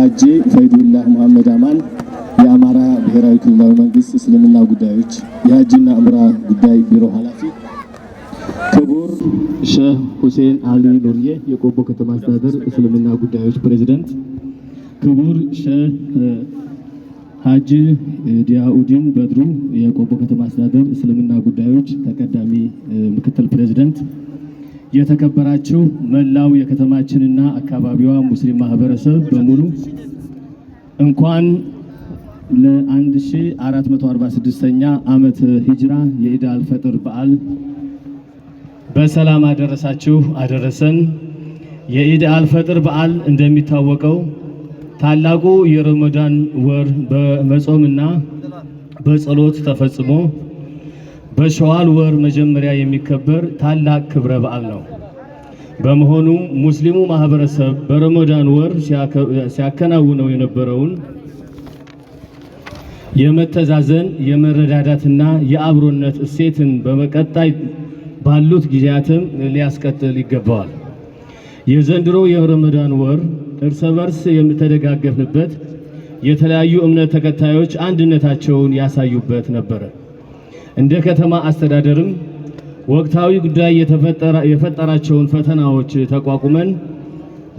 ሀጂ ፈይዱላህ መሐመድ አማን የአማራ ብሔራዊ ክልላዊ መንግስት እስልምና ጉዳዮች የሀጂና እምራ ጉዳይ ቢሮ ኃላፊ፣ ክቡር ሸህ ሁሴን አሊ ኑርዬ የቆቦ ከተማ አስተዳደር እስልምና ጉዳዮች ፕሬዚደንት፣ ክቡር ሼህ ሀጂ ዲያኡዲን በድሩ የቆቦ ከተማ አስተዳደር እስልምና ጉዳዮች ተቀዳሚ ምክትል ፕሬዚደንት የተከበራችሁ መላው የከተማችንና አካባቢዋ ሙስሊም ማህበረሰብ በሙሉ እንኳን ለ1446ኛ ዓመት ሂጅራ የኢድ አልፈጥር በዓል በሰላም አደረሳችሁ አደረሰን። የኢድ አልፈጥር በዓል እንደሚታወቀው ታላቁ የረመዳን ወር በመጾምና በጸሎት ተፈጽሞ በሸዋል ወር መጀመሪያ የሚከበር ታላቅ ክብረ በዓል ነው። በመሆኑ ሙስሊሙ ማህበረሰብ በረመዳን ወር ሲያከናውነው የነበረውን የመተዛዘን የመረዳዳትና የአብሮነት እሴትን በመቀጣይ ባሉት ጊዜያትም ሊያስቀጥል ይገባዋል። የዘንድሮ የረመዳን ወር እርስ በርስ የምተደጋገፍንበት የተለያዩ እምነት ተከታዮች አንድነታቸውን ያሳዩበት ነበረ። እንደ ከተማ አስተዳደርም ወቅታዊ ጉዳይ የፈጠራቸውን ፈተናዎች ተቋቁመን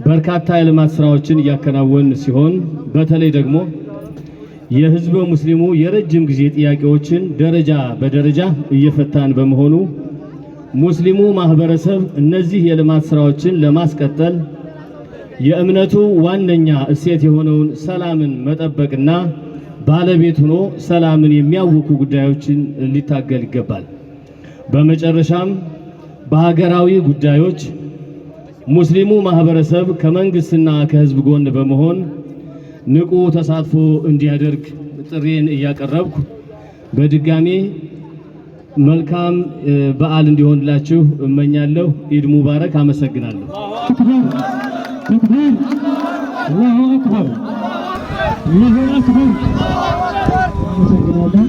በርካታ የልማት ስራዎችን እያከናወን ሲሆን በተለይ ደግሞ የህዝበ ሙስሊሙ የረጅም ጊዜ ጥያቄዎችን ደረጃ በደረጃ እየፈታን በመሆኑ ሙስሊሙ ማህበረሰብ እነዚህ የልማት ስራዎችን ለማስቀጠል የእምነቱ ዋነኛ እሴት የሆነውን ሰላምን መጠበቅና ባለቤት ሆኖ ሰላምን የሚያውኩ ጉዳዮችን ሊታገል ይገባል። በመጨረሻም በሀገራዊ ጉዳዮች ሙስሊሙ ማህበረሰብ ከመንግስትና ከህዝብ ጎን በመሆን ንቁ ተሳትፎ እንዲያደርግ ጥሬን እያቀረብኩ በድጋሜ መልካም በዓል እንዲሆንላችሁ እመኛለሁ። ኢድ ሙባረክ። አመሰግናለሁ። አላሁ አክበር É Allahu Akbar.